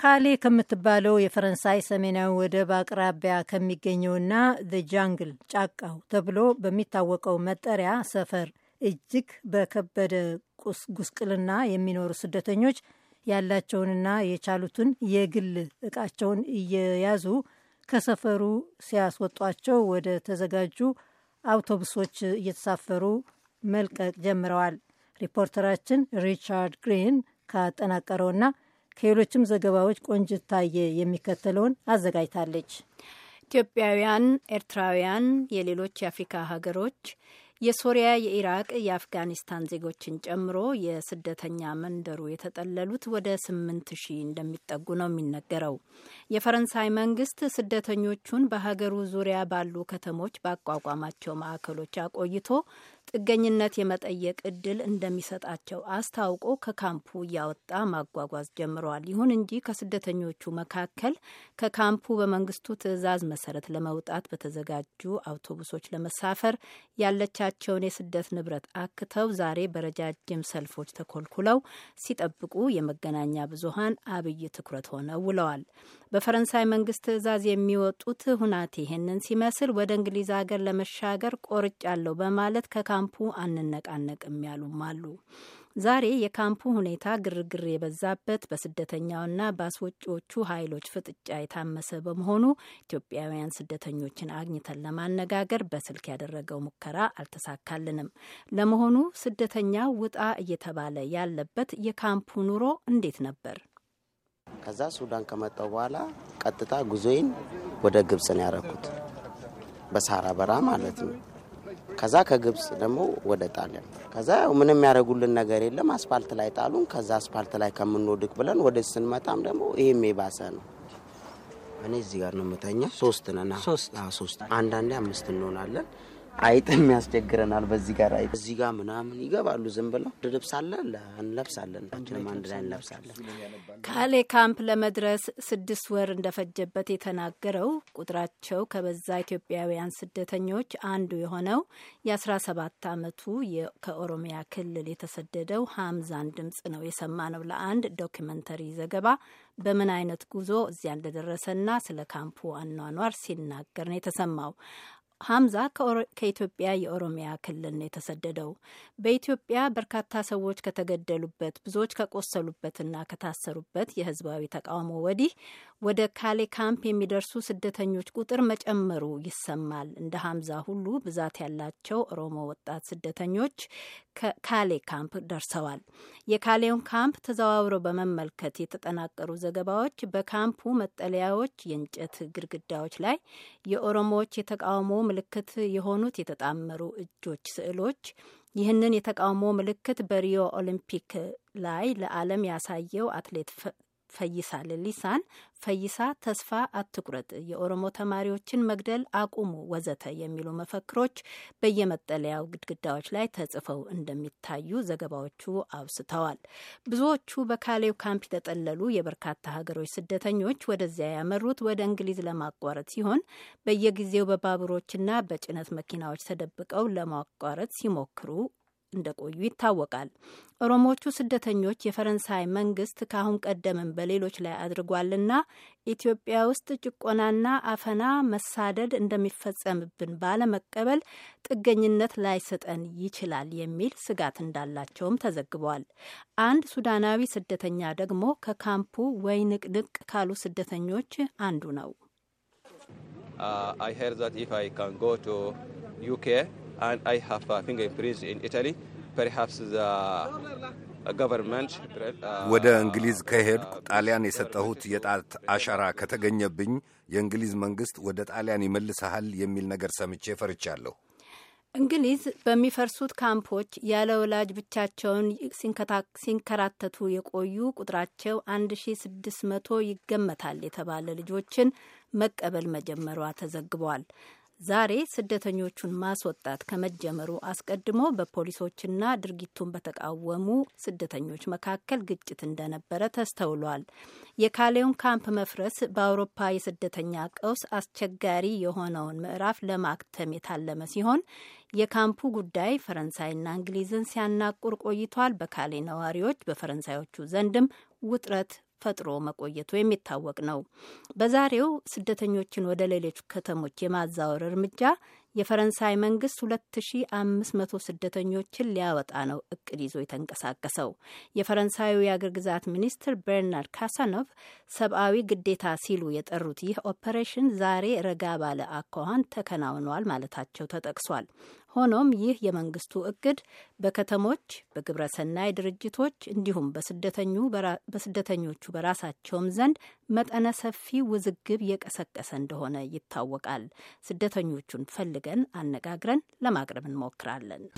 ካሌ ከምትባለው የፈረንሳይ ሰሜናዊ ወደብ አቅራቢያ ከሚገኘውና ዘ ጃንግል ጫቃው ተብሎ በሚታወቀው መጠሪያ ሰፈር እጅግ በከበደ ጉስቁልና የሚኖሩ ስደተኞች ያላቸውንና የቻሉትን የግል እቃቸውን እየያዙ ከሰፈሩ ሲያስወጧቸው ወደ ተዘጋጁ አውቶቡሶች እየተሳፈሩ መልቀቅ ጀምረዋል። ሪፖርተራችን ሪቻርድ ግሪን ካጠናቀረውና ከሌሎችም ዘገባዎች ቆንጅታየ የሚከተለውን አዘጋጅታለች። ኢትዮጵያውያን፣ ኤርትራውያን፣ የሌሎች የአፍሪካ ሀገሮች የሶሪያ፣ የኢራቅ፣ የአፍጋኒስታን ዜጎችን ጨምሮ የስደተኛ መንደሩ የተጠለሉት ወደ ስምንት ሺህ እንደሚጠጉ ነው የሚነገረው። የፈረንሳይ መንግስት ስደተኞቹን በሀገሩ ዙሪያ ባሉ ከተሞች ባቋቋማቸው ማዕከሎች አቆይቶ ጥገኝነት የመጠየቅ እድል እንደሚሰጣቸው አስታውቆ ከካምፑ እያወጣ ማጓጓዝ ጀምረዋል። ይሁን እንጂ ከስደተኞቹ መካከል ከካምፑ በመንግስቱ ትዕዛዝ መሰረት ለመውጣት በተዘጋጁ አውቶቡሶች ለመሳፈር ያለቻ የሀገራቸውን የስደት ንብረት አክተው ዛሬ በረጃጅም ሰልፎች ተኮልኩለው ሲጠብቁ የመገናኛ ብዙሀን አብይ ትኩረት ሆነው ውለዋል። በፈረንሳይ መንግስት ትዕዛዝ የሚወጡት ሁናቴ ይህንን ሲመስል ወደ እንግሊዝ ሀገር ለመሻገር ቆርጫለሁ በማለት ከካምፑ አንነቃነቅም ያሉም አሉ። ዛሬ የካምፑ ሁኔታ ግርግር የበዛበት በስደተኛውና በአስወጪዎቹ ኃይሎች ፍጥጫ የታመሰ በመሆኑ ኢትዮጵያውያን ስደተኞችን አግኝተን ለማነጋገር በስልክ ያደረገው ሙከራ አልተሳካልንም። ለመሆኑ ስደተኛው ውጣ እየተባለ ያለበት የካምፑ ኑሮ እንዴት ነበር? ከዛ ሱዳን ከመጣው በኋላ ቀጥታ ጉዞዬን ወደ ግብጽ ነው ያደረኩት። በሳራ በራ ማለት ነው ከዛ ከግብፅ ደግሞ ወደ ጣሊያን ከዛ ምንም ያደረጉልን ነገር የለም። አስፓልት ላይ ጣሉን። ከዛ አስፓልት ላይ ከምንወድቅ ብለን ወደ ስንመጣም ደግሞ ይህም የባሰ ነው። እኔ እዚህ ጋር ነው የምተኛ። ሶስት ነን። ሶስት አንዳንዴ አምስት እንሆናለን። አይጥ የሚያስቸግረናል። በዚህ ጋር አይጥ እዚህ ጋር ምናምን ይገባሉ። ዝም ብለው እንለብሳለን እንለብሳለን ታችንም አንድ ላይ እንለብሳለን። ካሌ ካምፕ ለመድረስ ስድስት ወር እንደፈጀበት የተናገረው ቁጥራቸው ከበዛ ኢትዮጵያውያን ስደተኞች አንዱ የሆነው የ17 አመቱ ከኦሮሚያ ክልል የተሰደደው ሀምዛን ድምጽ ነው የሰማ ነው ለአንድ ዶኪመንተሪ ዘገባ በምን አይነት ጉዞ እዚያ እንደደረሰና ስለ ካምፑ አኗኗር ሲናገር ነው የተሰማው። ሀምዛ ከኢትዮጵያ የኦሮሚያ ክልል ነው የተሰደደው። በኢትዮጵያ በርካታ ሰዎች ከተገደሉበት፣ ብዙዎች ከቆሰሉበትና ከታሰሩበት የህዝባዊ ተቃውሞ ወዲህ ወደ ካሌ ካምፕ የሚደርሱ ስደተኞች ቁጥር መጨመሩ ይሰማል። እንደ ሀምዛ ሁሉ ብዛት ያላቸው ኦሮሞ ወጣት ስደተኞች ከካሌ ካምፕ ደርሰዋል። የካሌውን ካምፕ ተዘዋውረው በመመልከት የተጠናቀሩ ዘገባዎች በካምፑ መጠለያዎች የእንጨት ግድግዳዎች ላይ የኦሮሞዎች የተቃውሞ ምልክት የሆኑት የተጣመሩ እጆች ስዕሎች ይህንን የተቃውሞ ምልክት በሪዮ ኦሊምፒክ ላይ ለዓለም ያሳየው አትሌት ፈይሳ ሊሳን ፈይሳ ተስፋ አትቁረጥ፣ የኦሮሞ ተማሪዎችን መግደል አቁሙ፣ ወዘተ የሚሉ መፈክሮች በየመጠለያው ግድግዳዎች ላይ ተጽፈው እንደሚታዩ ዘገባዎቹ አውስተዋል። ብዙዎቹ በካሌው ካምፕ የተጠለሉ የበርካታ ሀገሮች ስደተኞች ወደዚያ ያመሩት ወደ እንግሊዝ ለማቋረጥ ሲሆን በየጊዜው በባቡሮችና በጭነት መኪናዎች ተደብቀው ለማቋረጥ ሲሞክሩ እንደቆዩ ይታወቃል። ኦሮሞዎቹ ስደተኞች የፈረንሳይ መንግስት ከአሁን ቀደምም በሌሎች ላይ አድርጓልና ኢትዮጵያ ውስጥ ጭቆናና አፈና፣ መሳደድ እንደሚፈጸምብን ባለመቀበል ጥገኝነት ላይሰጠን ይችላል የሚል ስጋት እንዳላቸውም ተዘግቧል። አንድ ሱዳናዊ ስደተኛ ደግሞ ከካምፑ ወይ ንቅንቅ ካሉ ስደተኞች አንዱ ነው። uh, ወደ እንግሊዝ ከሄድኩ ጣሊያን የሰጠሁት የጣት አሻራ ከተገኘብኝ የእንግሊዝ መንግስት ወደ ጣሊያን ይመልሰሃል የሚል ነገር ሰምቼ ፈርቻለሁ። እንግሊዝ በሚፈርሱት ካምፖች ያለ ወላጅ ብቻቸውን ሲንከራተቱ የቆዩ ቁጥራቸው 1600 ይገመታል የተባለ ልጆችን መቀበል መጀመሯ ተዘግቧል። ዛሬ ስደተኞቹን ማስወጣት ከመጀመሩ አስቀድሞ በፖሊሶችና ድርጊቱን በተቃወሙ ስደተኞች መካከል ግጭት እንደነበረ ተስተውሏል። የካሌውን ካምፕ መፍረስ በአውሮፓ የስደተኛ ቀውስ አስቸጋሪ የሆነውን ምዕራፍ ለማክተም የታለመ ሲሆን የካምፑ ጉዳይ ፈረንሳይና እንግሊዝን ሲያናቁር ቆይቷል። በካሌ ነዋሪዎች፣ በፈረንሳዮቹ ዘንድም ውጥረት ፈጥሮ መቆየቱ የሚታወቅ ነው። በዛሬው ስደተኞችን ወደ ሌሎች ከተሞች የማዛወር እርምጃ የፈረንሳይ መንግስት 2500 ስደተኞችን ሊያወጣ ነው እቅድ ይዞ የተንቀሳቀሰው። የፈረንሳዩ የአገር ግዛት ሚኒስትር በርናርድ ካሳኖቭ ሰብአዊ ግዴታ ሲሉ የጠሩት ይህ ኦፐሬሽን ዛሬ ረጋ ባለ አኳኋን ተከናውኗል ማለታቸው ተጠቅሷል። ሆኖም ይህ የመንግስቱ እቅድ በከተሞች በግብረሰናይ ድርጅቶች እንዲሁም በስደተኞቹ በራሳቸውም ዘንድ መጠነ ሰፊ ውዝግብ የቀሰቀሰ እንደሆነ ይታወቃል። ስደተኞቹን ፈልግ ፈልገን አነጋግረን ለማቅረብ እንሞክራለን።